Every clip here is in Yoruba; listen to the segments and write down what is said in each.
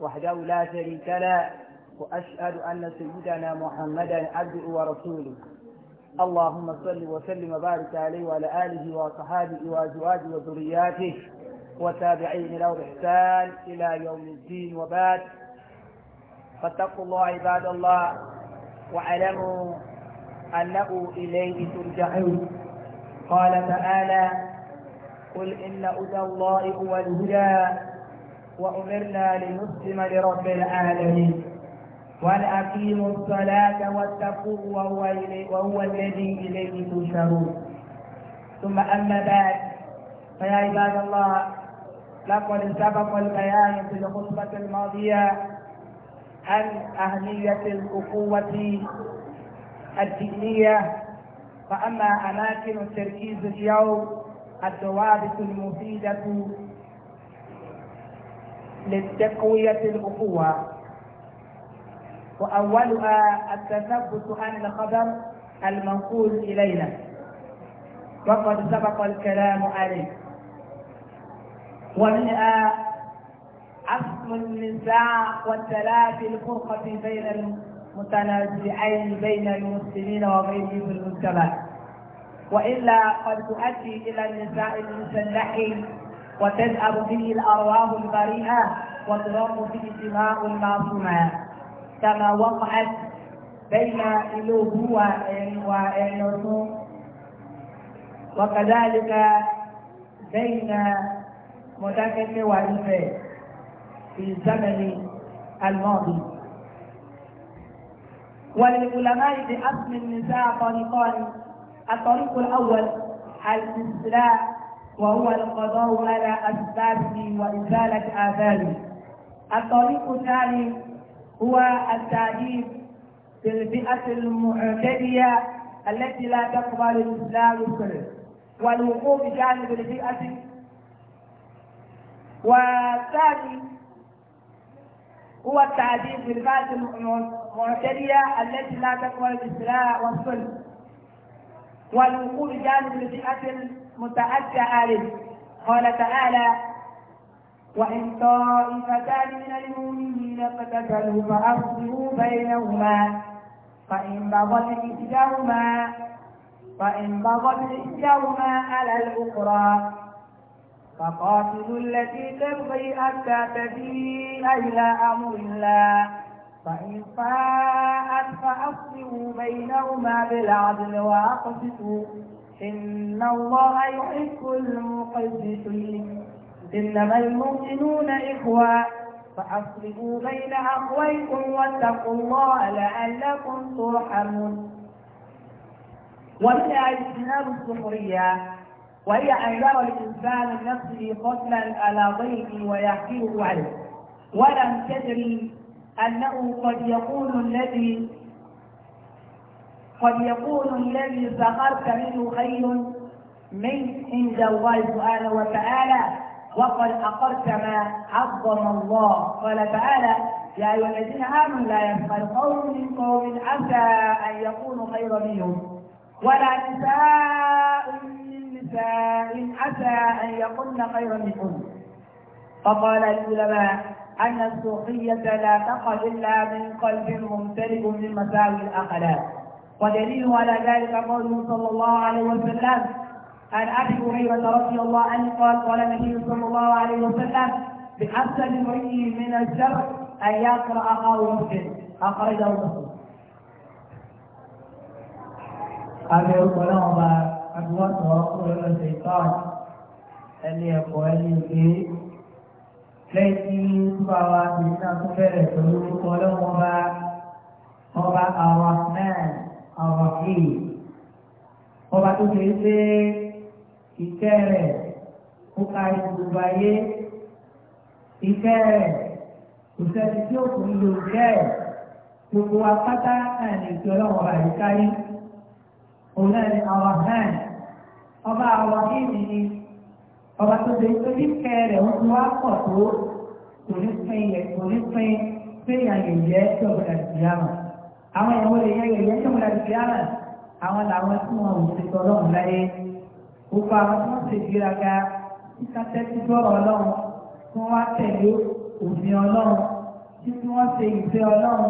وحده لا شريك له وأشهد أن سيدنا محمدا عبده ورسوله اللهم صل وسلم وبارك عليه وعلى آله وصحابه وأزواجه وذرياته وتابعين له بإحسان إلى يوم الدين وبعد فاتقوا الله عباد الله واعلموا أنه إليه ترجعون قال تعالى قل إن هدى الله هو الهدى وأمرنا لنسلم لرب العالمين وأن أقيموا الصلاة واتقوه وهو, وهو الذي إليه تشرون ثم أما بعد فيا عباد الله لقد سبق البيان في الخطبة الماضية عن أهمية الأخوة الدينية فأما أماكن التركيز اليوم الضوابط المفيدة لتقوية الأخوة وأولها التثبت عن الخبر المنقول إلينا وقد سبق الكلام عليه ومنها عصم النزاع والتلافي الفرقة بين المتنازعين بين المسلمين وغيرهم المجتمع وإلا قد تؤدي إلى النزاع المسلح وتذهب به الأرواح البريئة وترام به الدماء المعصومة كما وقعت بين قلوب والنصوص وكذلك بين متكئ وإنفاق في الزمن الماضي وللعلماء بأصل النساء طريقان الطريق الأول الاستثناء وهو القضاء على أسبابه وإزالة آثاره الطريق الثاني هو التعذيب في الفئة المعتدية التي لا تقبل الإسلام كله والوقوف جانب الفئة والثاني هو التعذيب في الفئة المعتدية التي لا تقبل الإسلام والسنة والوقوف جانب الفئة متأتى به قال تعالى وإن طائفتان من المؤمنين اقتتلوا فأصلحوا بينهما فإن بغت إحداهما فإن بغت إحداهما على الأخرى فقاتلوا التي تبغي حتى تبيء إلى أمر الله فإن فاءت فأصلحوا بينهما بالعدل وأقسطوا إن الله يحب المقدسين إنما المؤمنون إخوة فأصلحوا بين أخويكم واتقوا الله لعلكم ترحمون وهي اجتناب السخرية وهي أن يرى الإنسان نفسه قتلا على ضيفه ويحكيه عنه ولم تدري أنه قد يقول الذي قد يكون الذي سخرت منه خير من عند الله سبحانه وتعالى وقد أقرت ما عظم الله قال تعالى يا أيها الذين آمنوا لا يسخر قوم من قوم عسى أن يكونوا خيرا منهم ولا نساء من نساء عسى أن يكن خيرا منهم فقال العلماء أن السوقية لا تقع إلا من قلب ممتلئ من مساوي الأخلاق ودليل على ذلك قوله صلى الله عليه وسلم عن ابي هريره رضي الله عنه قال قال النبي صلى الله عليه وسلم بأحسن امرئ من الشر ان يقرا اخاه مسلم اخرجه مسلم هذا يقول àwọn ọba adúwọ́sọ̀ الله lọ́sẹ̀ ìtọ́ọ̀n ẹni ẹ̀kọ́ ẹni ìgbé lẹ́yìn tí túbà wa ti ní àwàkìlì ọba tó ṣe pé ìkẹ́ rẹ̀ ó ka ìgbòho ayé ìkẹ́ rẹ̀ kò sẹ́ni tí ó kún lò ìkẹ́ gbogbo apáta náà ní ọlọ́wọ́ àyíká yìí òun náà ní àwàkàn ọba àwàkìlì ni ọba tó ṣe pé ìkẹ́ rẹ̀ ó ti wá pọ̀ tó kò ní pín yẹ kò ní pín pín yàn yẹ jẹ́ tí ọ̀gbìn àti ìyá mọ̀ àwọn ìyàwó lè yẹn yẹn tó múlẹ̀ sí àná àwọn làwọn tí wọn ò ti sọ ọlọ́run láyé gbogbo àwọn tí wọ́n ti gbéraga nípa tẹ́tí gbọ́rọ̀ ọlọ́run tí wọ́n wá tẹ̀lé òfin ọlọ́run tí wọ́n ṣe ìfẹ́ ọlọ́run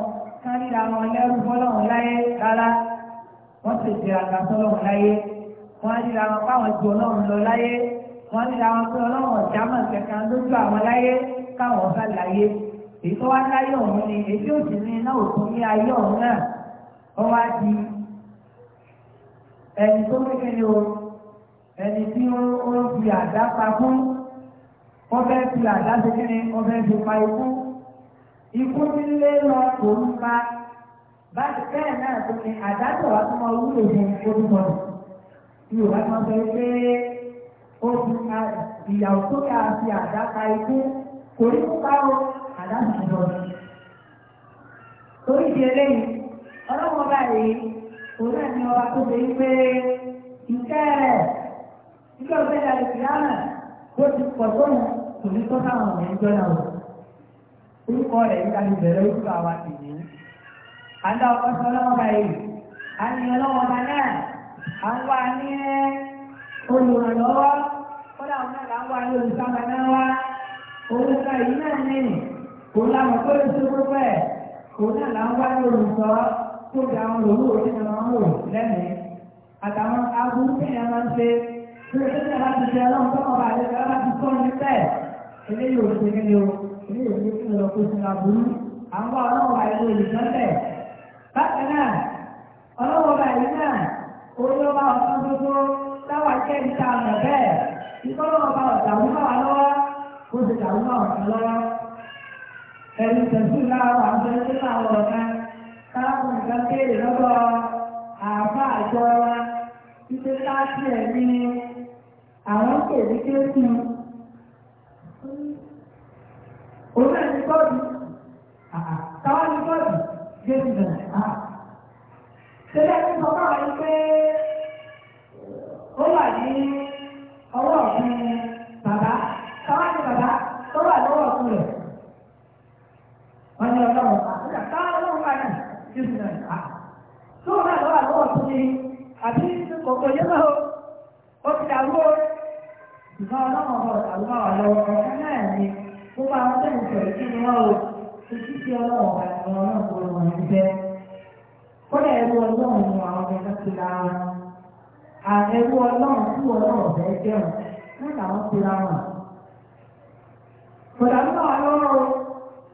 kárí àwọn ẹlẹ́rú fọlọ́run láyé rárá wọ́n ti gbéraga fọlọ́run láyé wọ́n á ríra wọn káwọn ju ọlọ́run lọ láyé wọ́n á ríra wọn pé ọlọ́run ọ̀já mọ̀ kẹ̀kẹ́ lójú àwọn láyé káwọn bá láyé èyí tó wá láyé ọ̀hún ni èyí ò sì ní iná òkun ní ayé ọ̀hún náà wọ́n wá di ẹni tó kékeré o ẹni tí ó ń fi àdá pa fún wọ́n fẹ́ fi àdá ṣe kí ni wọ́n fẹ́ fi pa ikú ikú ti lé lọ kò ń pa bẹ́ẹ̀ náà tó ní àdá tó wá tó máa wúlò fún orúkọ rẹ̀ yorùbá máa sọ pé ó fi ìyàwó tó yà á fi àdá pa ikú kò ní kú pa o àdájọ́ torí ti eléyìí ọlọ́wọ́n ni ọba tó ṣe wípé ìkẹ́ rẹ̀ ìkẹ́ òfin ìdàgbé ìdáná tó ti pọ̀ sóhun kò ní tó sáwọn ọ̀nà ìjọ náà wò orúkọ rẹ̀ ń dàbí bẹ̀rẹ̀ orúkọ àwa sì ní. àdá ọkọ sọ ọlọ́wọ́n báyìí àní ọlọ́wọ́n bá náà à ń olùrànlọ́wọ́ kọ́dà òun náà là òun náà yìí náà nìyí kò láwọn pé oṣù púpẹ̀ kò náà là wá ní olùsọ tó ga àwọn olówó tí wọn wò lẹ́nu àtàwọn aburú tí wọn máa ń ṣe tí wọn tẹ́lẹ̀ láti ṣe ọlọ́run tó kọ̀ọ̀bà àti ẹ̀ka láti kọ́ ní pẹ́ eléyìí ò ṣe nílé eléyìí ò ṣe kí lọ kó sinmi aburú à bá ọlọ́run àìlú olùsọ́tẹ̀ bákan náà ọlọ́run àìlú náà olóba ọ̀sán tuntun táwa jẹ́ ìta àmọ̀ bẹ́ẹ̀ ìkọ́lọ́wọ́ ẹni tẹ̀sí lára àwọn ẹni láwọn ọ̀gá táwọn nǹkan kéèrè lọ́wọ́ àbá àjọ wa títí láti ẹ̀mí àwọn kò ní kéésì. Òun náà ní bọ́ọ̀dù. Táwa ní bọ́ọ̀dù Jésù bẹ̀rẹ̀. Tẹ́lẹ̀ ń sọ fún àwọn pé ó wà ní ọwọ́ ọ̀gbìn bàbá. Táwa ní bàbá tó wà lọ́wọ́ ọ̀gbìn rẹ̀ wọ́n ní ọlọ́run àtúnyà ká ọlọ́run bá náà jésù náà ká. tó o náà lọ́wọ́ lọ́wọ́ tó ní àbí kòkò yé náà ó ti dàrú o. ìgbà ọlọ́run ọ̀rọ̀ dàrú máa wà náà ni ó máa ń tẹ̀lé ìṣẹ̀lẹ̀ kí ni wọ́n o. ojú sí ọlọ́run ọ̀rọ̀ ọlọ́run kò lọ́wọ́ ní bẹ́ẹ̀. kọ́lẹ̀ ẹ̀rú ọlọ́run ni àwọn ọmọ ẹ̀ka ti ra wọn. ọlọ́run tí ọlọ́run ọ̀bẹ jẹun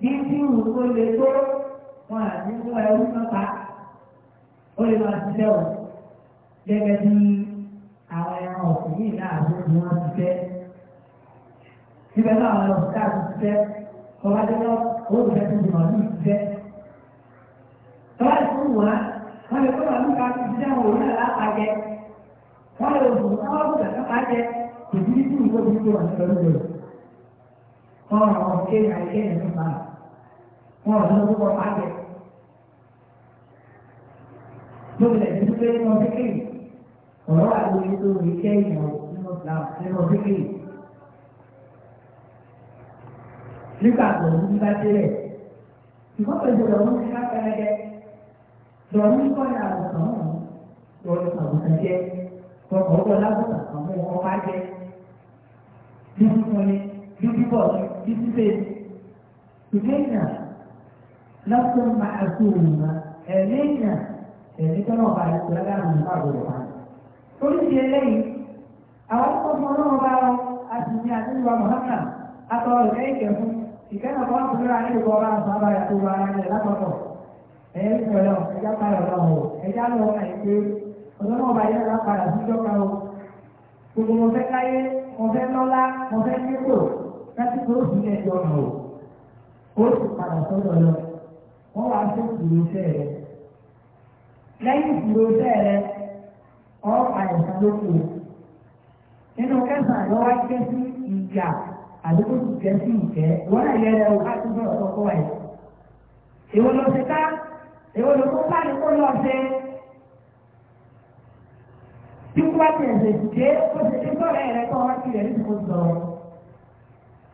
bí tí olùkọ́ lè tó wọn àti fún ẹrú mọ́ta ó lè máa ṣiṣẹ́ o gẹ́gẹ́ bí àwọn ẹran ọ̀sìn yìí náà ló ní wọ́n ṣiṣẹ́ síbẹ̀ náà àwọn ọ̀sìn náà ti ṣiṣẹ́ ọba tó owó ìfẹ́ tó ti màlúù ṣiṣẹ́ tọ́lá ìfún wọn wọn lè kó màlúù ká ti ṣiṣẹ́ wọn òun náà lápàjẹ wọn lè òògùn káwọn òògùn kàkà pàjẹ kò sí ní tí olùkọ́ ti tó wà ní ọdún rẹ̀ wọn ràn wọn kéèyàn àìkéèyàn nípa wọn ràn wọn púpọ̀ pàdé lórí ẹ̀ nínú pé wọn kéèyàn ọ̀rọ̀ àgbóyè tó rí kéèyàn nínú ìlànà nínú kéèyàn. nígbà tó ń bá délẹ̀ ìwọ́n pẹ̀lú ọ̀rọ̀ ní kápẹ́lẹ́gẹ́ lọ́rọ̀ ní kọ́ni àwòrán ọ̀hún lọ́rọ̀ àwòrán jẹ́ ọkọ̀ ọ̀gbọ́n lábùkà kan mú wọn wá jẹ́ bíbí fún ni بالبيت إلينا لستم معزومة إلينا إليك نوبة على السلام من بعض الوحيد قلت إليه أردت منه بعض أسمي أدنى ومهمة أطول إليك ìkẹ́nà kan kò ní àárín ìgbọ́ ọba àti àbáyà tó wà ara rẹ̀ lápapọ̀ ẹ̀yẹ ń pẹ̀lẹ́ ọ̀ ẹ̀já parọ̀ lọ́wọ́ ọ̀ ẹ̀já lọ́wọ́ àìpé ọ̀dọ́nà ọba yẹn lápàdà sí ìjọba o gbogbo wọn fẹ́ láyé wọn fẹ́ lọ́lá wọn fẹ́ nípò láti kó oṣù ní ẹjọ́ ọ̀nà o oṣù padà sọ́dọ̀ lọ wọ́n wá sí ìdúró iṣẹ́ rẹ lẹ́yìn ìdúró iṣẹ́ rẹ ọ́ àyẹ̀sán ló kù nínú kẹsàn-án lọ́wọ́ jẹ́ sí ìjà àdúgbò tó jẹ́ sí ìjẹ́ wọ́n náà yẹ ẹ̀rọ wá sí bọ́ọ̀ tó kọ́ wáyé èwo ló ṣe ká èwo ló kó bá kó lọ ṣe tí wọ́n bá tẹ̀ ẹ̀sẹ̀ ó ṣe dé sọ́ọ̀rẹ́ rẹ kọ́ wá sí rẹ̀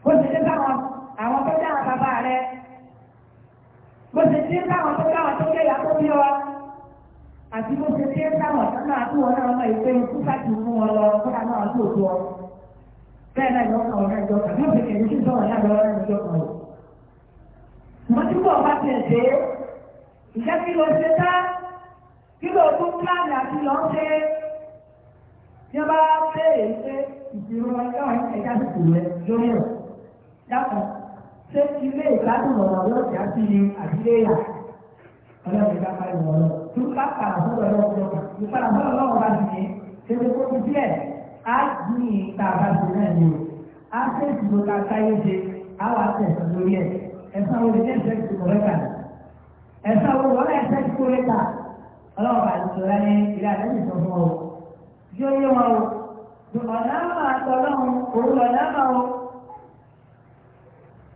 bó ṣe dé káwọn àwọn tó káwọn tó dáwọn tó bí wa àti bó ṣe dé káwọn tó náà tó wọn náà mọ ìpè ikú káàkiri fún wọn lọ kó dáa náà tó tó ọ bẹ́ẹ̀ náà yọ ọkàn ọ̀rẹ́ ìjọ yóò fi kẹ̀lé sí sọ̀rọ̀ náà lọ́wọ́ ní ìjọ kan ti bọ̀ bá tiẹ̀ dé ìjẹ́ kí ló ṣe tá kí ló tó pílánì àti lọ́ ṣe yọba béèrè pé ìṣirò ẹ̀ka ẹ̀ka ti kù rẹ̀ lórí rẹ̀ dákun ṣé ilé ìgbádùn ọ̀rọ̀ yóò já sí ni àdílé ọlọ́run ìgbà parí ọ̀rọ̀ tó bá kàrà fún ọ̀rọ̀ ọ̀rọ̀ ìpàdà fún ọlọ́run bá ti ní ṣètò kó fi díẹ̀ á ní ìta àbájọ náà ni á ṣe ìdìbò ká táyé ṣe á wà tẹ̀sán lórí ẹ̀ ẹ̀sán wo lè ṣe ìdìbò rẹ̀ kà ẹ̀sán wo wọ́n ẹ̀sẹ̀ ìdìbò rẹ̀ kà ọlọ́run bá ti sọ fún ọ yóò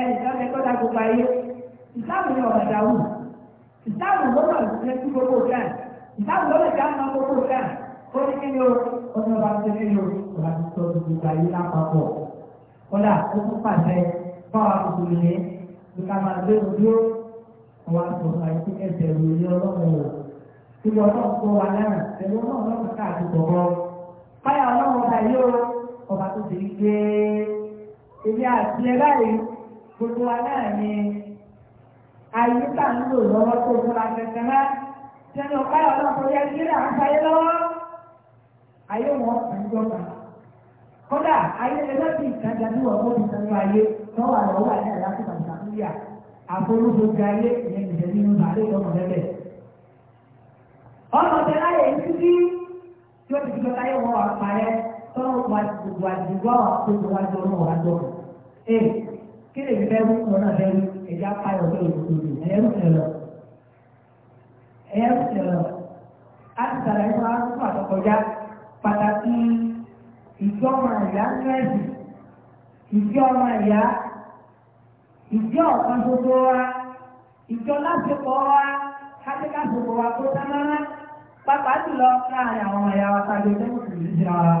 ẹnì kan lè kọ́ta gbogbo ayé ìsáàmù ni ọ̀nà ìdáwù ìsáàmù lọ́nà ìṣẹ́ sí gbogbo kan ìsáàmù lọ́nà ìdáná gbogbo kan ó ní kí ni o ọ̀nà ọba ti ní o ọba ti sọ gbogbo ayé lápapọ̀ kọ́dà ó tún pàṣẹ fáwọn àbùkù yìí ní ká máa gbé ojú ọwọ́ àtọ̀tọ̀ àyíkú ẹ̀jẹ̀ ìròyìn ọlọ́run o ìlú ọlọ́run tó wà náà ẹ̀lú ọlọ́run lọ́kàn káàdì bọ̀bọ̀ báyà ọlọ́run ọba yìí o ọba tó ti rí gbé ebi àti ẹ báyìí gbogbo wa náà ni àyíká ń lò lọ́wọ́ tó fúnra kankan náà sẹ́ni ọ̀pá ọ̀dọ́ yẹ kí ní àǹfààní lọ́wọ́ ayé wọn àjọba kódà ayé ẹgbẹ́ ti ìtajà bí wọ́n fún ìtajà ayé tó wà lọ́wọ́ àti àyàkó bàtà níyà àforúgbogbo ayé ìyẹn ìjẹ́ nínú àlẹ́ ìjọba lẹ́lẹ̀. ọmọ tẹ láyé títí tí ó ti fi láyé wọn àpárẹ tọ́wọ́ gbogbo àdìgbò àwọn àkókò wájú ọmọ wájú ọmọ kí lè bẹ́ẹ̀ mú wọn bẹ́ẹ̀ ẹ̀já payọ̀ tó lòdì ẹ̀yẹ́ ń tẹ̀lọ̀ ẹ̀yẹ́ ń tẹ̀lọ̀ á ti sàlẹ̀ fún akókò àtọkọjá pàtàkì ìjọ ọmọ ìyá nẹ́ẹ̀sì ìjọ ọmọ ìyá ìjọ ọ̀kan gbogbo wa ìjọ lásìkò wa kájí lásìkò wa tó dáná pàápàá jùlọ láàrin àwọn ọmọ ìyá wa tàbí ẹgbẹ́ mùsùlùmí jìnnà wa.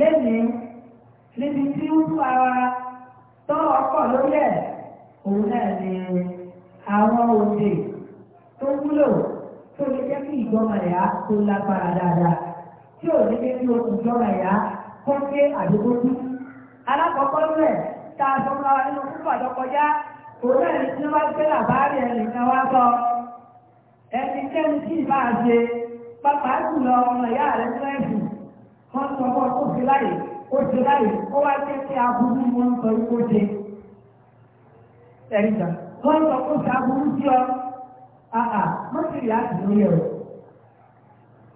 lẹ́yìn níbi tí ó fara tọ́rọ̀ pọ̀ lórí ẹ̀ òun náà ni àwọn òde tó wúlò tó lè jẹ́ kí ìjọba ẹ̀yà tó lágbára dáadáa tí ò ní jẹ́ kí oṣù ìjọba ẹ̀yà kó gbé àdókòtú. alákọ̀ọ́kọ́ rẹ̀ tá a sọ fún wa nínú púpọ̀ àdọ́kọjá òun náà ni tí wọ́n gbé làbáàrí ẹ̀rìn kan wá sọ ẹnikẹ́ni tí ì máa ṣe pàpàá jùlọ ọmọ ìyá rẹ̀ fún ẹ̀sùn wọ́n sọ fún ọkọ̀ ó ti báyìí ó wá jẹ́ pé aburú wọn ń sọ ikú ṣe ẹ̀ríjà wọ́n sọ kó ṣe aburú sí ọ àà mọ́tìrì láti ní ẹ̀rọ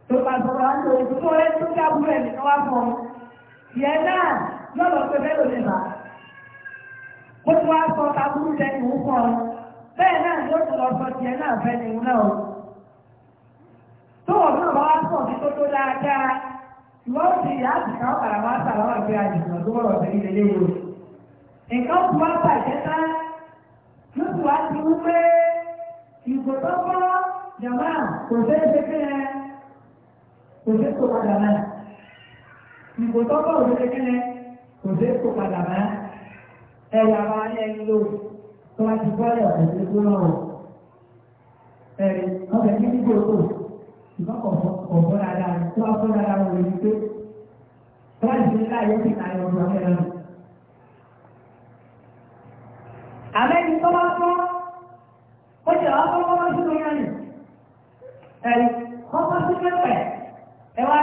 tó bá sọ̀rọ̀ àti òkú tó rẹ̀ tó ṣe aburú ẹ̀ nìkan wá fún ọ yẹn náà yóò lọ pé bẹ́ẹ̀ ló lè bà ó ti wá sọ aburú jẹ́ kí òun fún bẹ́ẹ̀ náà yóò tún lọ sọ tiẹ̀ náà fẹ́ nìyún náà tó wọ̀ náà wá sọ̀ sí tó tó dáadáa wọ́n ti láti ká ọ̀kadà wá sà lọ́wọ́ ìgbé àjùmọ̀ tó wọ̀rọ̀ sí ilé léwu. nǹkan tó wá bàjẹ́ tá ló ti wá ti wú pé ìgò tó kọ́ jàmá kò fẹ́ ṣe kí ẹ kò fẹ́ kó padà náà. ìgò tó kọ́ òfin ṣe kí ẹ kò fẹ́ kó padà náà. ẹ yà wá ní ẹni lò tó wá tó ṣùgbọ́n kò bọ́ dáadáa ni tó ti tàyè sí wọn yánni.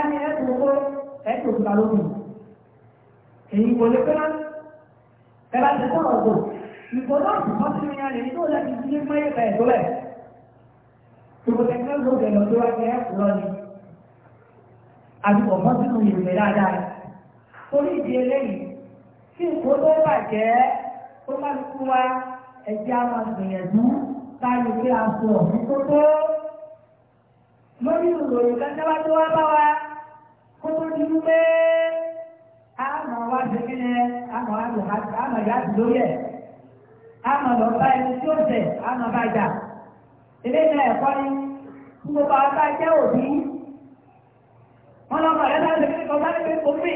ní ẹ̀kọ́ owó ẹ̀kọ́ òkúta tòkòtò ẹgbẹ́ ló bẹ̀rẹ̀ lọ́dọ́ wa jẹ́ lọ ni àdìpọ̀ mọ́ sínú ìrìnlẹ̀ dáadáa rẹ̀ torí ìdí eléyìí tí nǹkan tó bàjẹ́ tó bá kú wa ẹ̀jẹ̀ á máa gbìyànjú táyé pé a sọ ọ̀hún tó tó lórí ìròyìn kanjáwá tó wá bá wa kó tó di wípé àmọ̀ wá ṣe kí ni àmọ̀ àmọ̀ yá sí lórí ẹ̀ àmọ̀ lọ bá ẹni tí ó tẹ̀ àmọ̀ bá jà ilé náà ẹ̀kọ́ ni gbogbo bàbá jẹ́ òbí wọn lọ mọ̀ lẹ́sà lè fi kọ́sá lè fi omi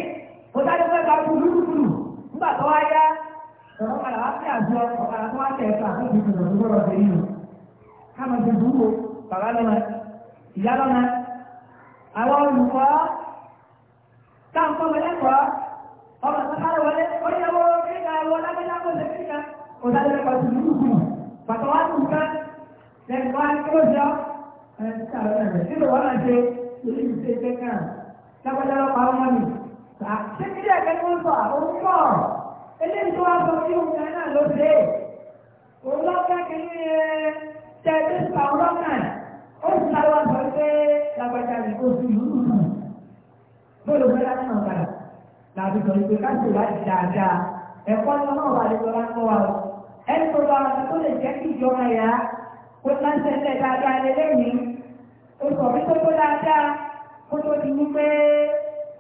kọ́sá lè fẹ́ ka kúlúkúlù nígbà tó wá yá ọ̀rọ̀ padà wá sí àjọ ọ̀padà tó wá tẹ̀ ẹ̀ka tó ti tẹ̀lé ọdún lọ́rọ̀ tẹ̀lé yìí káàmọ̀ ti dùn wò bàbá lọ́nà ìyá lọ́nà àwọn olùkọ́ táǹkọ́ mẹ́lẹ́kọ̀ọ́ ọmọ sọ́kárẹ̀ wọlé ó yẹ wọ́n kéka ẹ̀wọ́ lágbẹ́lá kó lẹ́nu ni wọ́n sọ àwọn pọ̀ eléyìí tó ń tó bá wọn tó lè jẹ́ kí ìjọba yà á ó máa ń tẹ̀lé dáadáa lélẹ́yìn ó sọ wípé kó dáadáa kó tó di wípé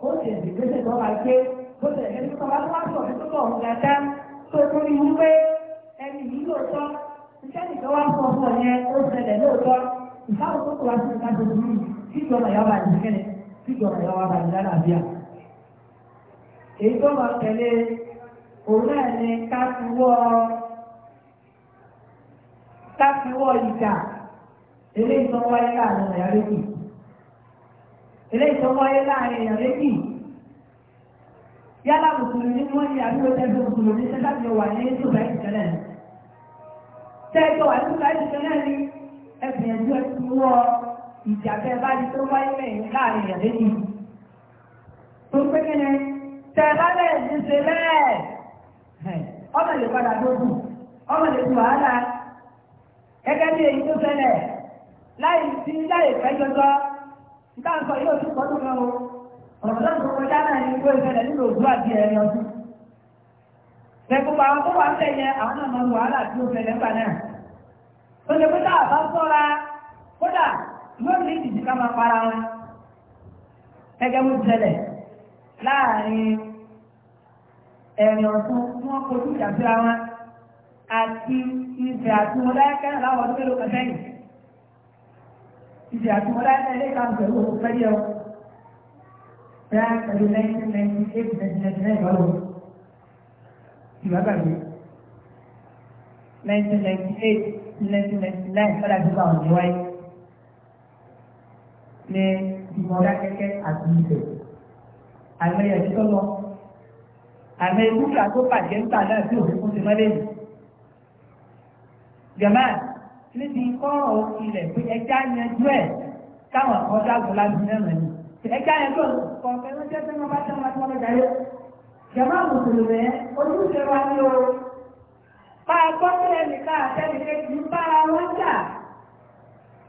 ó sì ń gbèsè tó máa gbé bó tẹ̀lé lẹ́nu tó bá tó wá sọ wípé kó ọ̀hún dáadáa tó tó di wípé ẹni yìí lóòótọ́ iṣẹ́ nìkan wá fún ọmọ yẹn ó ṣẹlẹ̀ lóòótọ́ ìfáwọn tó kọ wá sí ìka tó ti mú ìjọba yàrá bàjẹ́ kẹ́lẹ̀ ìjọba yàrá bàjẹ́ lálàáfíà èyí tó máa tẹ̀lé òun náà ni ká fi wọ́ ọ káfíwọ́ ìjà eléyìí tó wáyé láàrin ẹ̀yà méjì eléyìí tó wáyé láàrin ẹ̀yà méjì yálà mùsùlùmí wọ́n ní àbúrò tẹ́lẹ̀ mùsùlùmí tẹ́lẹ̀ tí ó wà ní ṣùgbọ́n ìṣẹ̀lẹ̀ tẹ́lẹ̀ wà ní ṣùgbọ́n ìṣẹ̀lẹ̀ ní ẹ̀sìn ẹ̀jọ́ ti wọ ìjà tẹ́ bá di tó wáyé mẹ́rin láàrin ẹ̀yà méjì tó pé kí ni tẹ́ ní ṣe bẹ́ẹ̀ ọmọ lè padà dókù ọmọ lè wàhálà gẹ́gẹ́ bí èyí tó ṣẹlẹ̀ láì sí láì fẹ́jọjọ́ nígbà ń sọ yóò tún pọ̀ lóun náà ọ̀rọ̀ náà ní ìwé ìṣẹ̀lẹ̀ nínú òdu àti ẹ̀yọ ọdún. àwọn tó wà ń tẹ̀yẹ àwọn náà máa ń wàhálà tí ó náà. Tó ṣe pé táà bá sọ́ra kódà yóò ní ká máa para wọn. tí àti ìbẹ̀ àti mọ́láyákẹ́ láwọn ọdún mélòó kan sẹ́yìn ìbẹ̀ àti mọ́láyákẹ́ ilé kan pẹ̀lú òkú fẹ́ yẹ ọ bẹ́ẹ̀ pẹ̀lú 1998-1999 lọ́wọ́ ìbábàbí 1998-1999 fẹ́lá tó bá wọn ní wáyé ní ìmọ̀láyákẹ́ àti ìbẹ̀ àmẹ́yẹ̀ tó lọ àmẹ́ ìbúkà tó pàjẹ́ ń tà náà tí òfin fún ti mọ́lẹ́yìn jẹ̀mẹ́ níbi kọ́rọ̀ ilẹ̀ pé ẹja yanjú ẹ̀ káwọn kan dágùn láti mẹ́rin ni ẹja yanjú ọ̀kan fẹ́ràn jẹ́ pé wọ́n bá tẹ́ wọn lọ́wọ́ jáde jẹ̀mẹ́ mùsùlùmí ojúṣe wa ni o bá a gbọ́ sí ẹnìká àtẹnìkẹ́ kì í bára wọn jà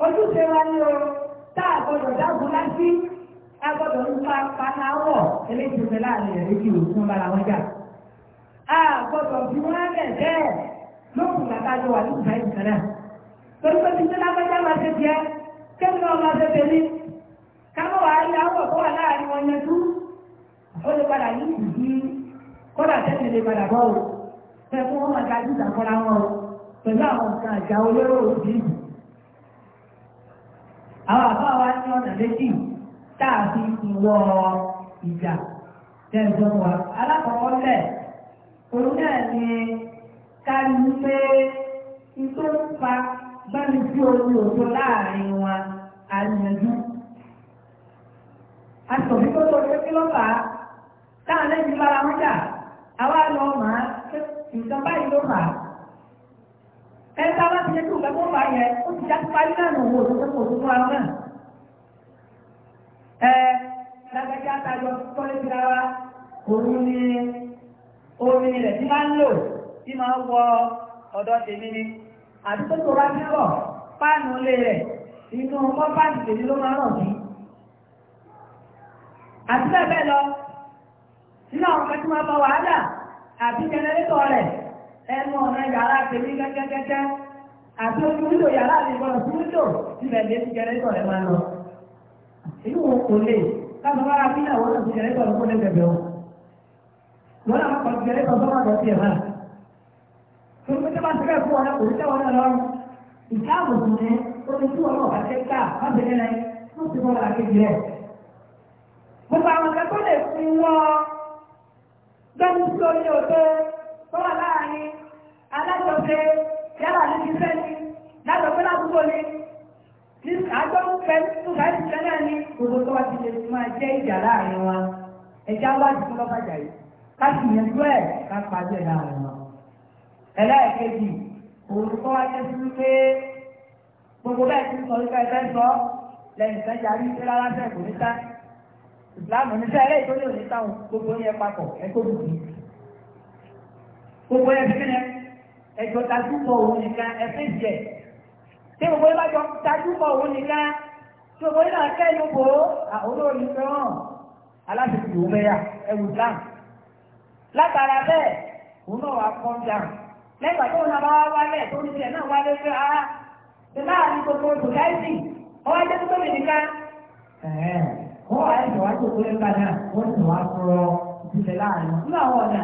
ojúṣe wa ni o tá a gbọ́dọ̀ dágùn láti a gbọ́dọ̀ ń pa panáwọ̀ eléjìṣẹ́ láàrin ẹ̀rí kìlò fún bára wọn jà a bí wọ́n á bẹ̀ lókùn làtàjọ wà lókùn báyìí kan náà torí pé títí lágbájá máa ṣe tiẹ̀ kẹ́mi náà máa ṣe tèmi káwọn wà á yà wọ̀ tó wà láàrin wọn yẹn tú ó lè padà ní ìdí kódà tẹ́lẹ̀ lè padà bọ́ o fẹ́ fún wọn máa dájú ìdàkọ́lá wọn o pẹ̀lú àwọn nǹkan àjà olóró òbí àwọn àbá wa ní ọ̀nà méjì tá a fi ìwọ ìjà tẹ̀ ń jọ wa alákọ̀ọ́kọ́ ni kárí wípé ìtò pa báni tí omi òjò láàrin wa àyànjú. a sọ fún tó tó ṣe kí ló fà á táwọn lẹ́yìn bára wọn jà àwa lọ mà á nǹkan báyìí ló fà á. ẹni ti ṣe kí òkè kó fà ó ti já parí náà nù owó òṣèlú kò tún ara náà. ẹ lágbájá tá a jọ kọ́lé ti òun ni omi rẹ̀ ti máa ń lò tí máa wọ ọ̀dọ̀ tèmi ni àti tó tó bá ní bọ̀ páànù lé rẹ̀ inú kọ́páànù tèmi ló máa rọ̀ sí. àti bẹ́ẹ̀ bẹ́ẹ̀ lọ nínú àwọn kan tí máa bá wàhálà àti jẹnẹrétọ̀ rẹ̀ ẹnu ọ̀nà yàrá tèmi gẹ́gẹ́gẹ́gẹ́ àti ojú wíńdò yàrá mi gbọ́dọ̀ sí wíńdò síbẹ̀ lé ti jẹnẹrétọ̀ rẹ̀ máa lọ. inú wọn kò lè káàbọ̀ bá ra fílà wọn náà ti jẹnẹrétọ̀ rẹ̀ kó lè bẹ̀bẹ̀ wọn. wọn náà kọ́ torí pé bá ti bẹ́ẹ̀ fún ọ̀rẹ́ kò ní tẹ́wọ́ náà lọ́rùn ìdáàbò bò ní omi tí wọn náà bàtẹ́ ká bàbá ẹ̀rẹ́ rẹ̀ tó ti mọ́ ara kejì rẹ̀. gbogbo àwọn kan tó lè fi wọ́ gbẹ́nu sí orí òde tó wà láàrin alájọpé yálà ní ti fẹ́ ni lájọpé ládùúgbò ni ní àjọ ń fẹ́ tó ká ti fẹ́ náà ni gbogbo tó wá ti lè máa jẹ́ ìjà láàrin wa ẹ̀já wá ti fún lọ́bàjà yìí ká sì yẹn tó ẹ̀ ká pàdé ẹlẹ́ẹ̀kejì olùkọ́ wa jẹ́ sí pé gbogbo bẹ́ẹ̀ ti sọ wípé ẹgbẹ́ sọ lẹ́yìn kan yarí pé rárá sẹ́ẹ̀ kò ní ta ìsìlámù ní sẹ́ẹ̀ lẹ́yìn tó lè ní táwọn gbogbo yẹn papọ̀ ẹ̀kọ́ bùkù gbogbo yẹn fi kíni ẹ̀jọ̀ tajúbọ̀ òun nìkan ẹ̀fẹ́ jẹ̀ tí gbogbo yẹn bá jọ tajúbọ̀ òun nìkan tí gbogbo yẹn náà kẹ́yìn bò ó àwọn olùfẹ́ hàn aláṣẹ ìwò mẹ́yà látara bẹ́ẹ̀ òun náà wà kọ́ lẹ́gbà tó ń bá wálẹ̀ tó ní ilẹ̀ náà wálé pé a ti láàrin gbogbo oṣù láìsí ọwọ́ ẹjẹ́ tó mi nìkan. wọ́n wà láti wá tó kúlẹ̀ ńlá náà wọ́n sì wá sọ̀rọ̀ ìdílé láàrin wọn. nínú àwọn ọ̀nà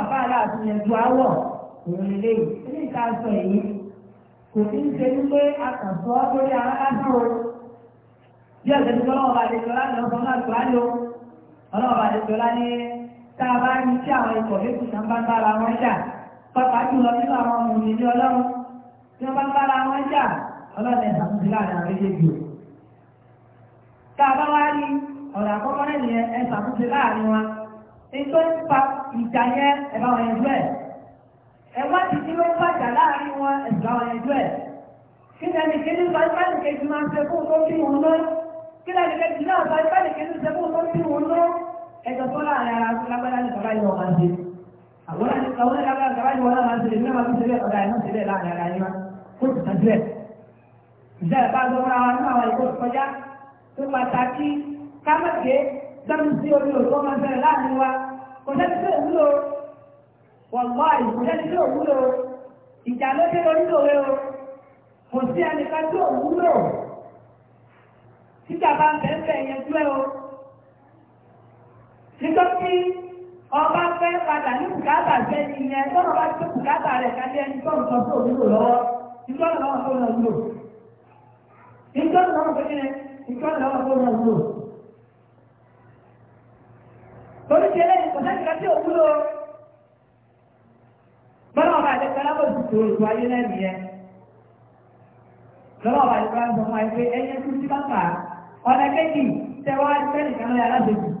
a kàn sọ ọ́ lórí bí ọ̀sẹ̀ tó lọ́wọ́ bá láti pàpà jùlọ nínú àwọn ọmọ mi ní ọlọ́run tí wọ́n bá ń bára wọn jà ọlọ́run ẹ̀dá tó ti láàrin àwọn méjèèjì o. tá a bá wá rí ọ̀rọ̀ àkọ́kọ́ náà nìyẹn ẹ ṣàkóso láàrin wa ètò ìpa ìjà yẹn ẹ bá wọn yanjú ẹ̀. ẹ wá ti dúró pàjà láàrin wọn ẹ bá wọn yanjú ẹ̀. kí ni ẹnì kejì sọ ipá nì kejì máa ṣe fún tó bí òun lọ kí ni ẹnì kejì náà sọ ipá nì kejì ṣe fún tó bí òun lọ ẹjọ́ àwọn àwọn ẹ̀ka kaba ni wọn náà máa ń ṣẹlẹ̀ nígbà máa ń ṣẹlẹ̀ ọ̀gá ẹ̀ máa ń ṣẹlẹ̀ láàrin ara yín wa kó tó tán sílẹ̀. ìjà ìbá gbọ́ra wa nínú àwọn ìkó kọjá tó pàtàkì kámẹ́kẹ́ sẹ́mi sí orí òkú máa ń ṣẹlẹ̀ láàrin wa kò sẹ́ni tó wúlò wọ́n gbọ́ àyè kò sẹ́ni tó wúlò ìjà ló dé lórí lòwe o kò sí ẹnìkan tó wúlò tíjà bá ń bẹ̀ẹ́ bẹ̀ẹ́ yẹn ọba fẹ́ padà ní bùkátà sẹ́ni yẹn tọ́nà bá tó bùkátà rẹ̀ kájí ẹni tọ́nà sọ tó nílò lọ́wọ́ ìtọ́nà lọ́wọ́ tó nà lò ìtọ́nà lọ́wọ́ tó nílẹ̀ ìtọ́nà lọ́wọ́ tó nà lò. torí ti ẹlẹ́yìn kò sẹ́ni ká tí ò wúlò bọ́lá ọba àti ẹgbẹ́ lábọ̀ ti tó ìlú ayé lẹ́nu yẹn lọ́wọ́ ọba àti ẹgbẹ́ lábọ̀ fún wa pé ẹyẹ kú sí bàtà ọ̀nà kéjì tẹ́wọ́ á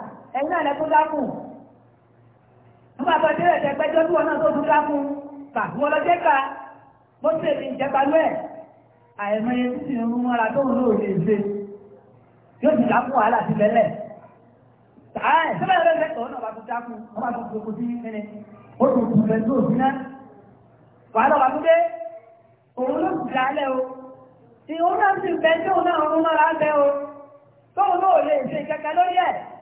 ẹ̀yin náà lẹ tó dákùn nígbà tó dé ẹ̀jẹ̀ gbẹ́jọ́ tí wọn náà tó tún dákùn kà wọ́n lọ jẹ́ ká bó ti lè fi ìjẹba lú ẹ̀ àìmọye tí sì ń mú mọ́ra tó ń lò lè ṣe yóò ti dákùn wàhálà sí lẹ́lẹ̀ ààrẹ síbẹ̀ lẹ́lẹ́ tó náà bá tún dákùn wọ́n bá tún gbogbo sí ẹni ó tún kù fẹ́ tó sí náà wàhálà wà tún dé òun o ìhun o tóun náà lè ṣe kẹ́kẹ́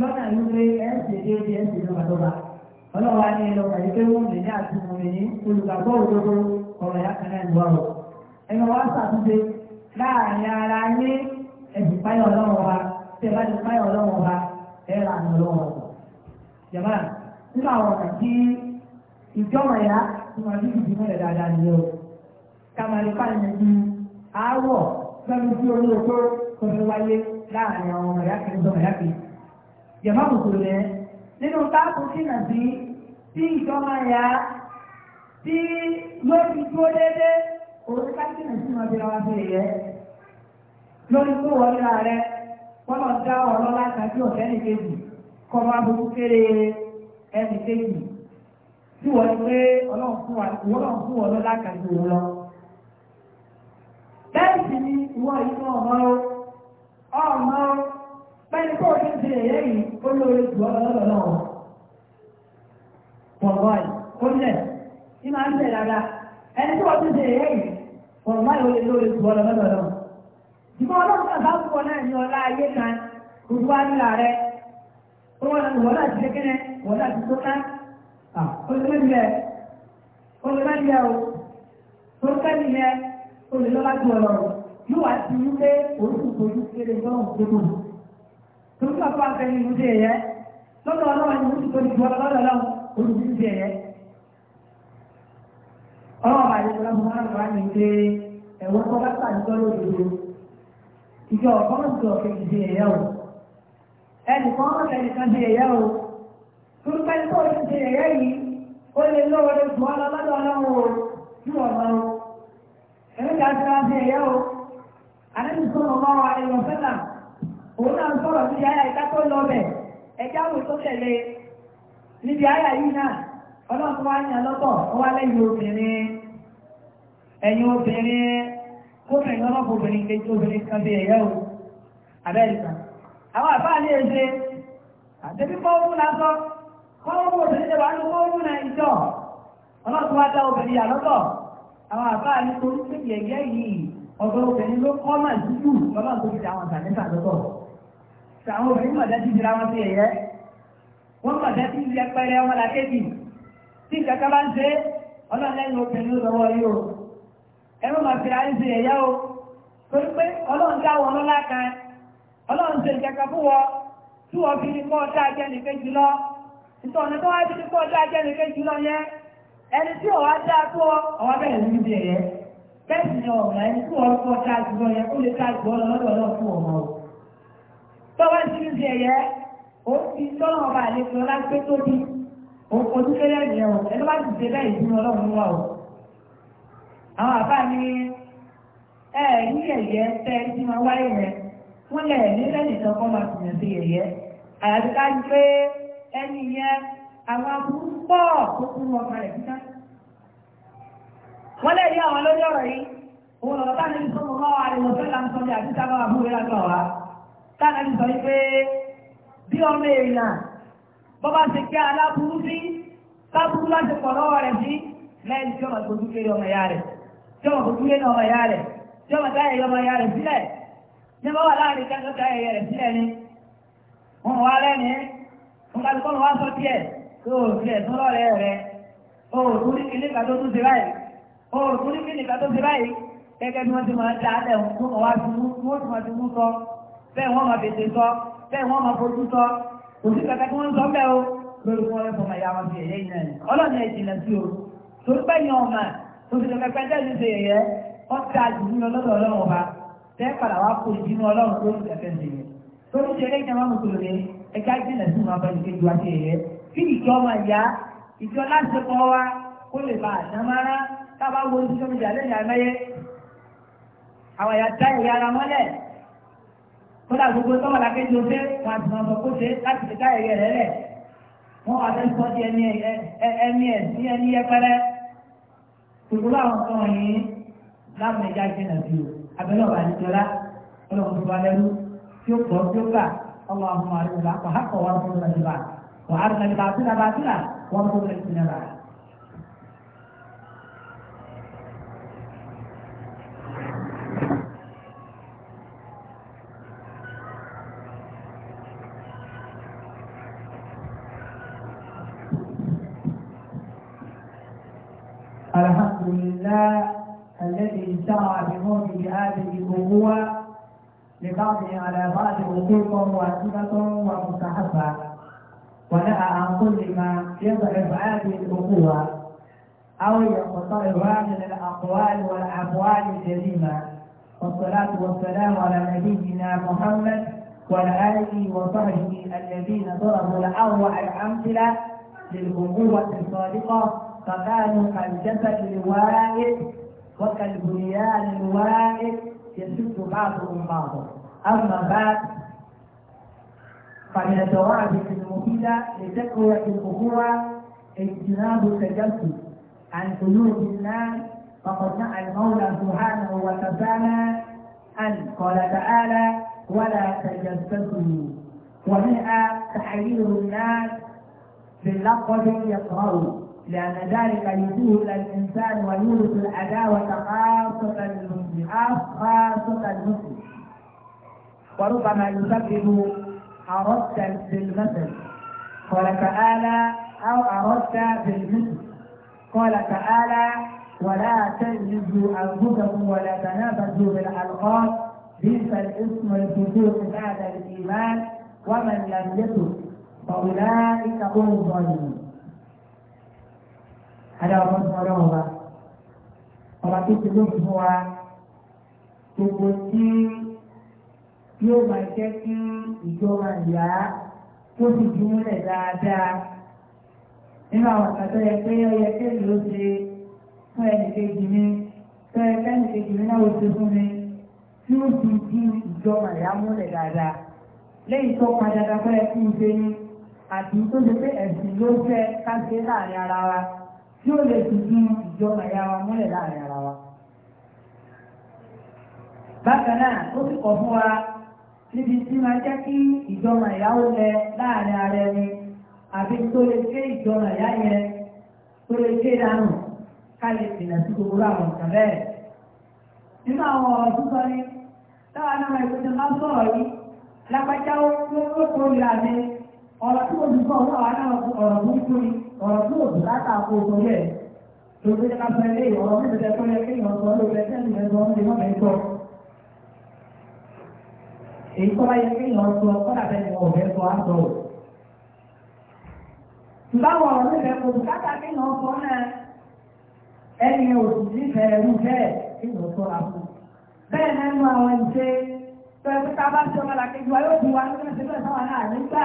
lọ́nà ìwé ẹ̀sìn déédé ẹ̀sìn ló máa dọ́gba ọlọ́wà ní ẹlọ pàdé pé wọ́n lè ní àti mọ̀mí ní olùgbàgbọ́ òdodo ọ̀rọ̀ ya kan náà ń wọ̀rọ̀ ẹnu wa ṣàtúnṣe láàrin ara ní ẹ̀sìn páyọ̀ ọlọ́wọ́ wa tẹ́ bá ti páyọ̀ ọlọ́wọ́ wa ẹ̀ rà ní wa. jàmbá nínú àwọn ọ̀nà tí ìjọba ya tí wọ́n ti dìbò mọ́lẹ̀ dáadáa ni o kàmàlì pàdé ti àwọ̀ lọ́dún tí olóòótó kò ní wáyé láàrin àwọn ọmọ ya kiri jẹ̀mọ́ mùsùlùmí nínú káàkó sínà sí tí ìjọba ya tí yóò fi dúró déédéé òun ká sínà sí wọn bí wọn fi yẹ lórí kó wọlé rẹ kọ́nà dá ọ̀rọ̀ láta sí ọ̀fẹ́ nìkejì kọ́ máa bó kéré ẹnì kejì tí wọ́n ti pé ọlọ́run fún wọn lọ́la kàdé òun lọ. bẹ́ẹ̀ sì ni ìwọ yìí náà mọ́ ọ́ báyìí kó o ti ń tilẹ̀ lẹ́yìn ó lóore jù ọ́ lọ́dọ̀ náà ó lẹ̀ ní máa ń tẹ̀ dáadáa ẹni tó o ti tilẹ̀ lẹ́yìn pọ̀lọ́ yìí ó lè lóore jù ọ́ lọ́dọ̀ ṣùgbọ́n ọlọ́run náà bá wúwo náà ní ọlá ayé kan gbogbo àdúrà rẹ ó wọn lọ wọlé àti kékeré wọlé àti tó ká olùmẹ́lẹ̀ tó kẹ́lì yẹ olùlọ́lá jù tó nígbà tó bá fẹ́ ní ìmúdé ẹ̀yẹ lọ́dọ̀ ọlọ́run ní oṣù tó ti gbọ́ lọ́dọ̀ ọlọ́run olùdíje ẹ̀yẹ. ọlọ́run àyẹ̀wò lọ́mọ àgbà ní pé ẹ̀wọ́n tó bá sàdúgbò lódodo ìjọ ọ̀kọ́mọ̀tò ọ̀fẹ́ ìdíje ẹ̀yẹ o ẹnì kan ọ̀fẹ́ nìkan di ẹ̀yẹ o tó ń pẹ́ tó ìdíje ẹ̀yẹ yìí ó lè lọ́wọ́ lọ́dọ̀ ọlọ́run o yóò ọ̀nà o òun náà sọ̀rọ̀ níbi àyà ìta tó lọ bẹ̀ ẹjẹ́ àwọn tó tẹ̀lé níbi àyà yìí náà ọlọ́run wá yàn lọ́tọ̀ ó wá lẹ́yìn obìnrin ẹ̀yìn obìnrin kóbìnrin ọlọ́pọ̀ obìnrin kejì obìnrin kan bí ẹ̀yẹ́ o abẹ́ẹ̀lìkan àwọn obìnrin wà ní náà ìjọ ọlọ́pọ̀ wá dá obìnrin àwọn ní torí pé yìí obìnrin ló kọ́ máa dúdú àwọn obìnrin mọ̀jẹ́ ti jìra wọn sí ẹ̀yẹ́ wọ́n mọ̀jẹ́ ti yẹ pẹ́rẹ́ ọmọ làkejì tí kankan bá ń ṣe ọlọ́ọ̀lẹ́yìn obìnrin lọ́wọ́ yìí o ẹ̀rọ mọ̀ fìlà ń ẹ̀yẹ́ o torí pé ọlọ́run dá wọn lọ́lá kan ọlọ́run ṣe kankan fún wọn tí wọ́n fi ní kọ́ ọ̀dá ajẹ́ nìkan jùlọ ìtọ̀nà tó wá fi ní kọ́ ọ̀dá nìkan yẹn ẹni tí bẹ̀rẹ̀ ní ibi ẹ̀yẹ ni ọ̀rọ̀ tọ́wọ́ sí ní ẹ̀yẹ́ ó ti tọ́lọ́ ọba àlejò lágbé tóbi ojú kéré ẹ̀yẹ́ o ẹni bá ti ṣe bẹ́ẹ̀ ìdúró ọlọ́run wà o. àwọn àbá ni ẹ ní ẹ̀yẹ́ tẹ́ tí wọ́n wáyé rẹ̀ wọ́n lẹ̀ kọ́ máa sí ẹ̀yẹ́ àyàfi ká ní pé ẹni yẹn àwọn aburú pọ̀ tó wọn kíkà. wọ́n rí àwọn ọ̀rọ̀ yìí òun káàkiri sọ wípé bí ọmọ èèyàn bọ́ bá ṣe kí aláburú sí sábúrú láti pọ̀ lọ́wọ́ rẹ̀ sí lẹ́yìn tí ọmọ ìgbòjú kéré ọmọ ìyá rẹ̀ tí ọmọ ìgbòjú kéré ọmọ ìyá rẹ̀ tí ọmọ ìyá rẹ̀ ọmọ ìyá rẹ̀ sílẹ̀ ní bá wà láàrin kẹ́kọ̀ọ́ tí ayẹyẹ rẹ̀ sílẹ̀ ni wọn wá lẹ́ni wọn kàbí kọ́ wá sọ díẹ̀ tó o tiẹ̀ tó lọ́rẹ̀ rẹ̀ o ò tún ní kíní kàtó tún ti báyìí o ò tún ní kíní kàtó ti báyìí gẹ́gẹ́ bí wọ́n ti máa bẹ́ẹ̀ wọ́n máa bèèrè sọ bẹ́ẹ̀ wọ́n máa fojú sọ kò sí kẹta kí wọ́n sọ o lórí fún ọlọ́pàá ọmọ ìyá wọn fi ẹ̀yẹ yìí náà ni ọlọ́ni ẹ̀ jìnà sí o torí pé yan ọmọ tó fi kẹta kẹta ní ṣe ẹ̀yẹ wọ́n ti àjù ní ọlọ́dọ̀ ọlọ́run ọba tẹ́ padà wá kó ìdí ọlọ́run tó ń kẹfẹ́ ṣe yẹ torí ṣe eré ìjọba mùsùlùmí ẹ̀ka jìnà sí wọn abẹ́ni kejì wá ṣe ẹ̀yẹ kí ìjọ ọmọ ìyá ìjọ láti kọ́ kódà gbogbo tọ́wọ́ la kéjọ ṣe wọn àti wọn sọ kó ṣe láti fi ká ẹ̀yẹ rẹ̀ lẹ̀ wọn wà lẹ́nu sọ́ọ́ di ẹni ẹni ẹ̀sìn ẹni yẹpẹrẹ gbogbo àwọn kan yìí láwọn ẹja ṣe nà sí o abẹ́lẹ́ ọ̀rọ̀ àdìjọ́lá ọlọ́run tó wà lẹ́nu tí ó kọ́ tí ó gbà ọlọ́run àrùn àkọ́hàkọ́ wọn fún un nàìjíríà wọn àrùn nàìjíríà النبوة لبعض على بعض وثيقة واجبة ومستحبة ونهى عن كل ما يضعف هذه الأخوة أو يقترب من الأقوال والأقوال الجريمة والصلاة والسلام على نبينا محمد وعلى آله وصحبه الذين ضربوا الأروع الأمثلة للأخوة الصادقة فكانوا كالجسد الوائد وكالبنيان الوائد يسب بعضهم بعضا أما بعد فمن الثوابت المفيدة لتقوية الأخوة اجتناب التجسس عن قلوب الناس فقد نعى المولى سبحانه وتعالى أن قال تعالى ولا تجسسوا ومنها تحرير الناس باللقب يقرأون لأن ذلك يزول الإنسان ويورث العداوة خاصة المسلم خاصة المسلم وربما يسبب أردت بالمثل قال تعالى أو أردت بالمثل قال تعالى ولا تنجزوا أنفسكم ولا تنافسوا بالألقاب بئس الاسم الفسوق بعد الإيمان ومن لم يتب فأولئك هم الظالمون Ada fún ọlọ́run orang? Orang itu ti lóògùn fún wa gbogbo tí yóò máa jẹ́ kí ìjọ máa yá tó sì ju múlẹ̀ dáadáa nínú àwọn àtàtọ́ yẹ pé ó yẹ kéèkì ló ṣe fún ẹnì kejì mi fún ẹnì kejì mi náà ó ṣe fún mi tí ó sì ju ìjọ ni àti tó ṣe pé ẹ̀sìn ló fẹ́ ká ṣe tí ó lè tuntun ìjọba ìyá wa mọ́lẹ̀ láàrin ara wa. bákan náà ó sì kọ̀ fún wa níbi tí máa jẹ́ kí ìjọba ìyàwó lẹ láàrin ara ẹni àbí tó lè gé ìjọba ìyá yẹn tó lè gé dànù ká lè dènà sí gbogbo àwọn nǹkan bẹ́ẹ̀. nínú àwọn ọ̀rọ̀ sísọ ni táwa náà máa ń pèsè máa ń sọ̀rọ̀ yìí lápájáwó ló kó ìlànà ọ̀rọ̀ tí mo ti sọ náà wà náà ọ̀rọ̀ burúkú ni ọ̀rọ̀ tí mo ti láta àpò òtò yẹ tó ti ká fẹ́ lé ọ̀rọ̀ mi ti tẹ́ fẹ́ lé kéèyàn sọ ló fẹ́ tẹ́lẹ̀ mi sọ ní wọ́n mẹ́tọ́. èyí tó bá yẹ kéèyàn sọ kọ́dà bẹ́ẹ̀ ni ọ̀bẹ sọ á sọ. báwo ọ̀rọ̀ mi fẹ́ kó bùkátà kéèyàn sọ náà ẹni òsì nífẹ̀ẹ́ ẹ̀rú bẹ́ẹ̀ kéèyàn sọ àpò. bẹ́ẹ̀ náà ń lo àwọn ìṣe pẹ̀lú tá a bá ṣe ọmọlàkejì wa yóò di wa nígbà tí wọ́n sáwọn náà nígbà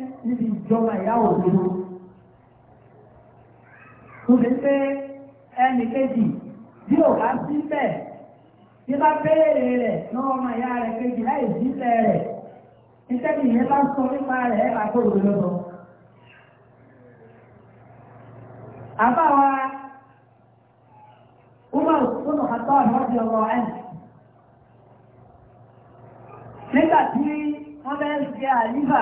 níbi ìjọba ìyá òdodo tó lè pé ẹnì kejì bí ò bá síbẹ̀ bí bá béèrè rẹ̀ náà ọmọ ìyá rẹ̀ kejì láì síbẹ̀ rẹ̀ ìtẹ́bí ìyẹn bá sọ nípa rẹ̀ ẹ̀ bá kó ẹ̀ nígbà tí wọ́n ń ṣe àlífà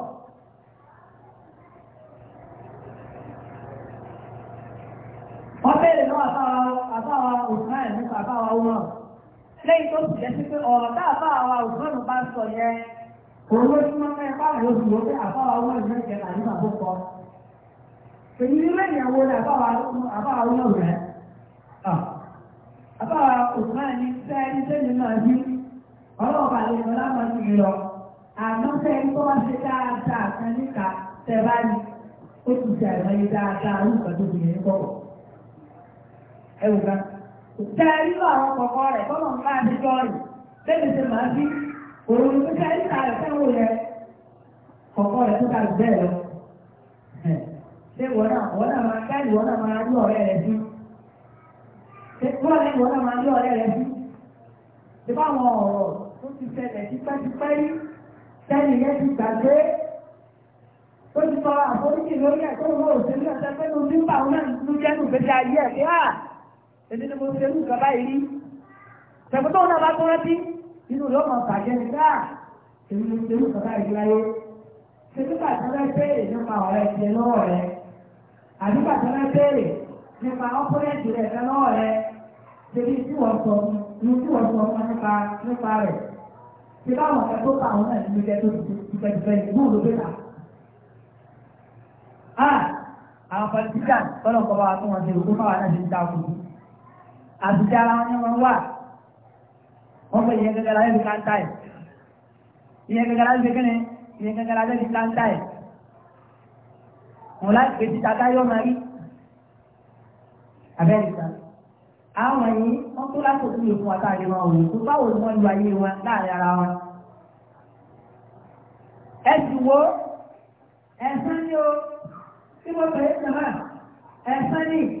wọ́n bẹ̀rẹ̀ náà àbáwa òṣùmáà nípa àbáwa ọmọ lẹ́yìn tó sì lẹ́sí pé ọ̀rọ̀ tá àbáwa òṣùmáà bá ń sọ yẹn òun ló ní mọ́mọ́ ẹ báwo ló dùn ó pé àbáwa ọmọ ìlú ìjẹta nígbà tó kọ èyí nílé ìyàwó ni àbáwa ọmọ rẹ̀ àbáwa òṣùmáà ní sẹ́ẹ̀rí sẹ́yìn náà bí ọlọ́ọ̀bà lẹ́yìn ọlọ́mọ ti lọ àmọ́ sẹ́yìn tó wá ṣe dáadáa kan níta tẹ̀ báyìí ó ti ṣe àìmọye dáadáa orúkọ tó bìnrin kọ̀ọ̀ ẹ̀wù gan. Tẹ́lí lọ àwọn kọ̀ọ̀kan rẹ̀ tọ́lọ̀ ń bá àdéjọ́ rẹ̀ tẹ́lẹ̀ ṣe máa bí òun tó ká ìta rẹ̀ fẹ́wò yẹ kọ̀ọ̀kan rẹ̀ tó ká lù lọ. Ṣé wọ́n náà wọ́n náà máa ká ìwọ́n náà máa rí ọ̀rẹ́ rẹ̀ sí? Ṣé náà ìwọ́n náà máa rí ọ̀rẹ́ rẹ̀ sí? Ṣé báwọn ọ̀rọ̀ tó ti ṣẹlẹ̀ tipẹ́tipẹ́ rí sẹ́ni yẹn ti gbàgbé tó ti sọ àforíjì lórí ẹ̀ tó ń wọ́n òṣèlú ọ̀sẹ̀ pé ló ń bá òun náà ló jẹ́ nù èdè ni mo ṣe irú ìjọba yìí rí tẹ̀kọ́ tó ń náà bá tó rántí nínú ìlú ọmọ bàjẹ́ ní káà èmi ni mo ṣe irú ìjọba yìí láyé ṣe nígbà tí wọ́n bẹ̀rẹ̀ nípa ọ̀rẹ́ tiẹ̀ lọ́wọ́ rẹ àdúgbà tí wọ́n bẹ̀rẹ̀ nípa ọ́pọ́nẹ́tì rẹ̀ fẹ́ lọ́wọ́ rẹ ṣèbí tí wọ́n sọ ní tí wọ́n sọ nípa nípa rẹ̀ ṣe báwọn ọ̀rẹ́ tó bá àwọn náà ní ilé tó ti àbíjá ara wọn ní wọn wà wọ́n fẹ́ ìyẹn gẹ́gẹ́ láyé fi káńtà ẹ̀ ìyẹn gẹ́gẹ́ láyé fi kíni ìyẹn gẹ́gẹ́ láyé fi káńtà ẹ̀ wọ́n láì pè títa káyọ̀ máa rí abẹ́rẹ́ ìta àwọn yìí wọ́n tó látòkú yìí fún wa káàdé wọn òun tó báwo ni wọ́n lu ayé wọn láàrin ara wọn ẹ wo ẹ̀sán ni o tí mo pè é sọ̀rọ̀ ni.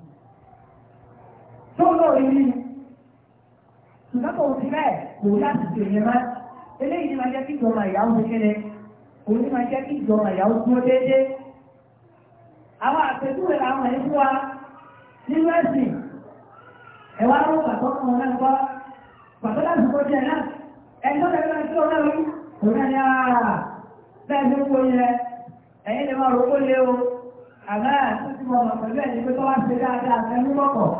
tó lọ rí ni ṣùgbọ́n kò sí bẹ́ẹ̀ kò láti ṣe yẹn má eléyìí ni máa jẹ́ kí ìjọba ìyàwó ṣe kéde òun ni máa jẹ́ kí ìjọba ìyàwó dúró déédéé àwọn àpèjúwe làwọn ẹ̀ fún wa nínú ẹ̀sìn ẹ̀wá ló pàtó kan náà gbọ́ pàtó láti kó jẹ náà ẹ̀tọ́ lẹ́gbẹ́ tí ó náà lórí òun náà ní ara bẹ́ẹ̀ ní kó yẹ ẹ̀yìn lè máa rògbò lé o àmọ́ àti tí mọ̀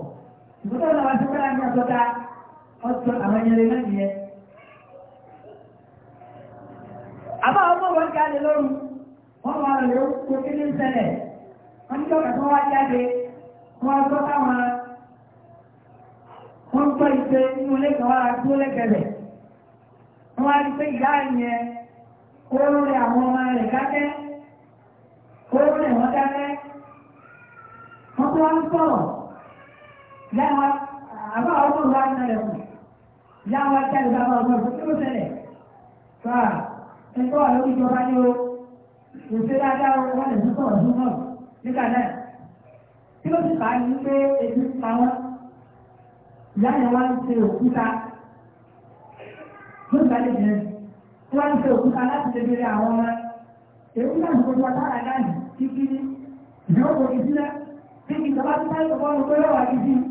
ìbúdó làwọn tó kọ́ra ní ọ̀tọ́ta ọ̀tọ́ àwọn ẹ̀yẹrẹ náà nìyẹn. àbá ọmọ wọn jáde lóru wọn wà lórí kó kéde ń ṣẹlẹ̀ wọn ní ọ̀gá tó wá jáde wọn gbọ́ káwọn wọn gbọ́ ìpè nínú ilé kan wá dúró lẹ́kẹ̀lẹ̀ wọn wá rí pé ìyá yẹn kó lórí àwọn ọmọ rẹ̀ kákẹ́ kó lórí wọn dákẹ́ wọn tó wá ń sọ̀rọ̀ yáwa àbá ìjọba ni ó kò sí dáadáa wọn lè tún sọ̀rọ̀ fún náà nígbà náà tí ó sì báyìí ní pé èyí ń pa wá ń ṣe òkúta ló ń lè jẹun tí wọ́n ń ṣe òkúta láti lè àwọn ọmọ èyí náà ń kojú ọtá àdáyé kíkiri ìyá òkòkì sílẹ̀ bí ìjọba tó wá kíkiri.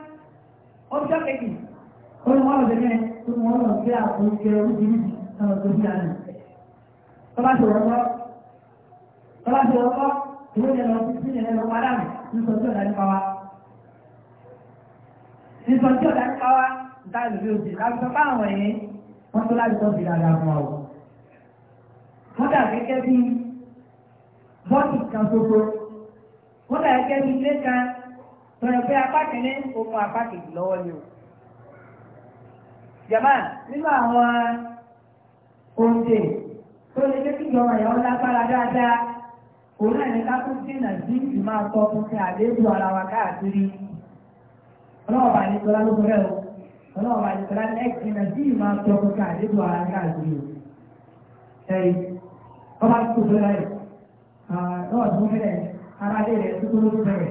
ọjọ́ kejì ó ní wọ́n lọ bẹ̀rẹ̀ tó wọ́n lọ sí àkójọ oríṣiríṣi ọ̀nà tó bí àná tọ́lá ti wọ́n kọ́ tọ́lá ti wọ́n kọ́ ìwé ìyẹn lọ sí ìyẹn lọ padà nù nípa tí ọ̀dà nípa wa nípa tí ọ̀dà nípa wa dáa lórí òjì láwùjọ báwọn ẹ̀yìn wọ́n tó láwùjọ bí dáadáa tọ́yọ̀ pé apá kìíní okun apá kejì lọ́wọ́ ni o. jama nínú àwọn oúnjẹ tó lè jẹ́ kí ìjọba ìyàwó lágbára dáadáa òun náà ní ká tún dènà sí ìmọ̀ àtọ́ fún kí àléébù ara wa káàkiri ọlọ́ọ̀bà ní tọ́lá ló fẹ́ o ọlọ́ọ̀bà ní tọ́lá ní ẹ̀kìnà sí ìmọ̀ àtọ́ fún kí àléébù ara wa káàkiri o. ẹ̀yìn ọba tó fẹ́ rẹ̀ ọ̀ọ́dún fẹ́ rẹ̀ ara lè rẹ̀ tó tó ló fẹ́ rẹ̀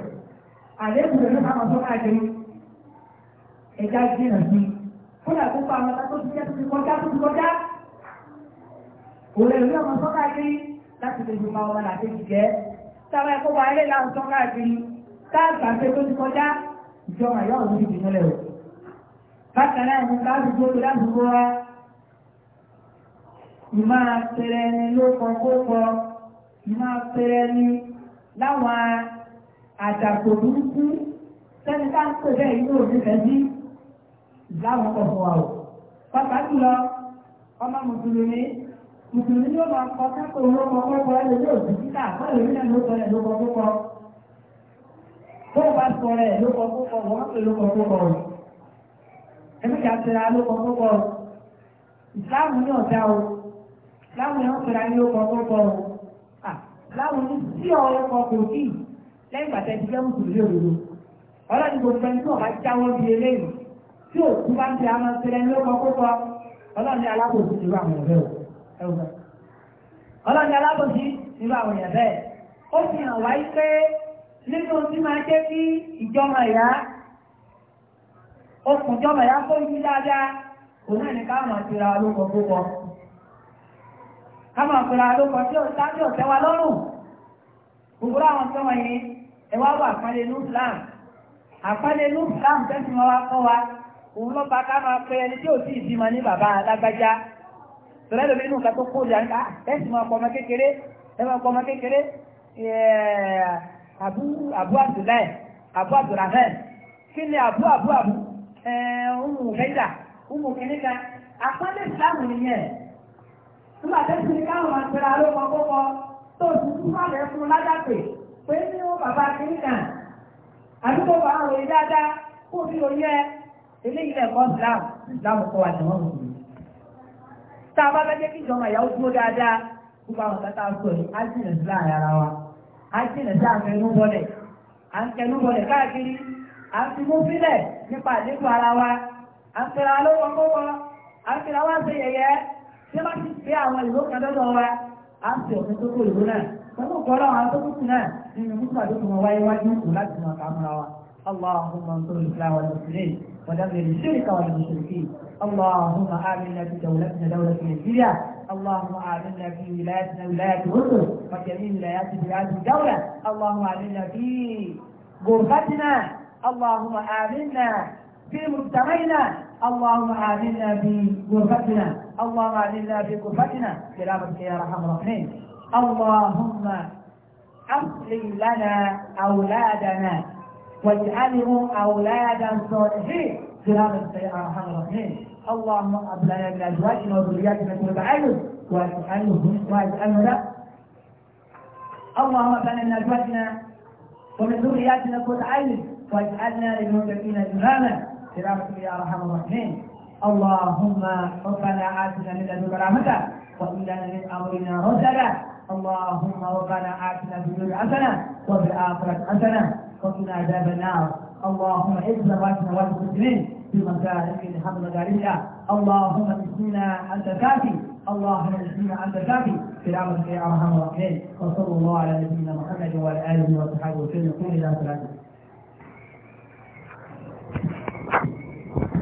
àléébù rẹ̀ náà máa tó káàkiri ẹja jìnà sí fúnà tó pa àwọn tó ti jẹ́ tó ti kọjá tó ti kọjá òun ẹ̀rọ máa tó káàkiri láti lè dùn máa wọn àti ìjẹ́ sábà ẹ̀kọ́ wa ilé láwọn tó káàkiri táàgbà pé tó ti kọjá ìjọba àyọ̀ òun ti dùn mọ́lẹ̀ o bákan náà mo bá dùn tó láti wọ́ wa ìmá pẹrẹ ni ló kọ kó kọ ìmá pẹrẹ ni láwọn àdàpọ̀ burúkú sẹ́ni tá ń pè bẹ́ẹ̀ inú òfin fẹ́ sí ìlànà ọ̀fọ̀ àwọ̀ pàpà jùlọ ọmọ mùsùlùmí mùsùlùmí yóò máa kọ kápẹ́ owó ọmọ ọkọ̀ ẹ̀ lórí òsì títà báyìí nínú ló sọ ẹ̀ ló kọ púpọ̀ tó bá sọ ẹ̀ ló kọ púpọ̀ wọ́n pè ló kọ púpọ̀ ẹ̀mí kà tẹ̀ra ló kọ púpọ̀ ìsìláàmù ní ọ̀dà o ìsìláàmù ní ọ̀pẹ̀ra ní ó kọ púpọ̀ o ìsìláàmù ní sí ọ̀rọ̀ kọ kò kíì lẹ́yìn ìgbàtẹ́ ti jẹ́ mùsùlùmí òdodo ọlọ́ni gbogbo ẹni tí wọ́n bá jáwọ́ bí eléyìí tí òkú bá ti àmọ́ sílẹ̀ ní ọkọ̀ kókó ọlọ́ni alábòsí irú àwọn ẹ̀rẹ́ o ẹ̀rọ ọlọ́ni alábòsí irú àwọn ẹ̀rẹ́ ó fi hàn wáyé pé nínú tí máa jẹ́ kí ìjọba ìyá okùn ìjọba ìyá kó yí dáadáa kò náà ní káwọn àti ra olóko kókó káwọn àti ra olóko tí ò sáájú ọ̀tẹ́ wa lọ́rùn gbogbo àwọn tí wọ́n yẹn ẹ wá wà àpálẹ̀ ní Islam àpálẹ̀ ní Islam tẹ́sí wọn wá kọ́ wa òun lọ́ba ká máa pẹ ẹni tí ò sí ìbímọ ní bàbá alágbájá tọ́lá ìlú inú nǹkan tó kó ìyá nípa ah, tẹ́sí ọmọ kékeré ẹ máa ọmọ kékeré kí ni ọmọ ọmọ Islam nìyẹn nígbà tẹ́sí pé ní wọn bàbá kiri kan àdúgbò bá àwọn kó bí oyún eléyìí lẹ́kọ̀ọ́ Islam Islam kọ́ àtẹ̀wọ́n tá a bá bẹ́ jẹ́ kí ìjọba ìyàwó dúró dáadáa gbogbo àwọn kẹta sọ yìí á jìnà sí láàrin ara wa á jìnà sí àwọn bọ́lẹ̀ à ń kẹnu bọ́lẹ̀ káàkiri à ń fi mú sílẹ̀ nípa àdínkù ara wa à ń à ń wá sí tí wọ́n ti á ń fi ọ̀sẹ̀ tó kó ìlú náà pẹ̀lú ọ̀pọ̀lọ́ àwọn tó kù náà nínú mùsùlùmí tó mọ̀ wáyé wájú kù láti mọ̀ ká wa. اللهم انصر الاسلام والمسلمين ودمر الشرك والمشركين اللهم امنا في دولتنا دوله نيجيريا اللهم آمنا في ولايتنا ولاية الأردن وجميع ولايات بلاد الدولة اللهم آمنا في غرفتنا اللهم آمنا في مجتمعنا اللهم آمنا في غرفتنا اللهم اعذنا في كفتنا برحمتك يا رحم الراحمين اللهم اصلح لنا اولادنا واجعلهم اولادا صالحين برحمتك يا رحم الراحمين اللهم أبلنا من ازواجنا وذرياتنا كل بعيد واجعلهم واجعلنا اللهم أبلنا من ازواجنا ومن ذرياتنا كل عين واجعلنا للمتقين إماما برحمتك يا رحم الراحمين اللهم ربنا آتنا من لدنك رحمة وإن لنا من أمرنا رشدا اللهم ربنا آتنا في الدنيا حسنة وفي الآخرة حسنة وقنا عذاب النار اللهم اجزا واتنا والمسلمين بمكارم الحمد لله اللهم اسمنا أنت كافي اللهم اسمنا أنت في العمل يا أرحم الراحمين وصلى الله على نبينا محمد وعلى آله وصحبه وسلم قوم إلى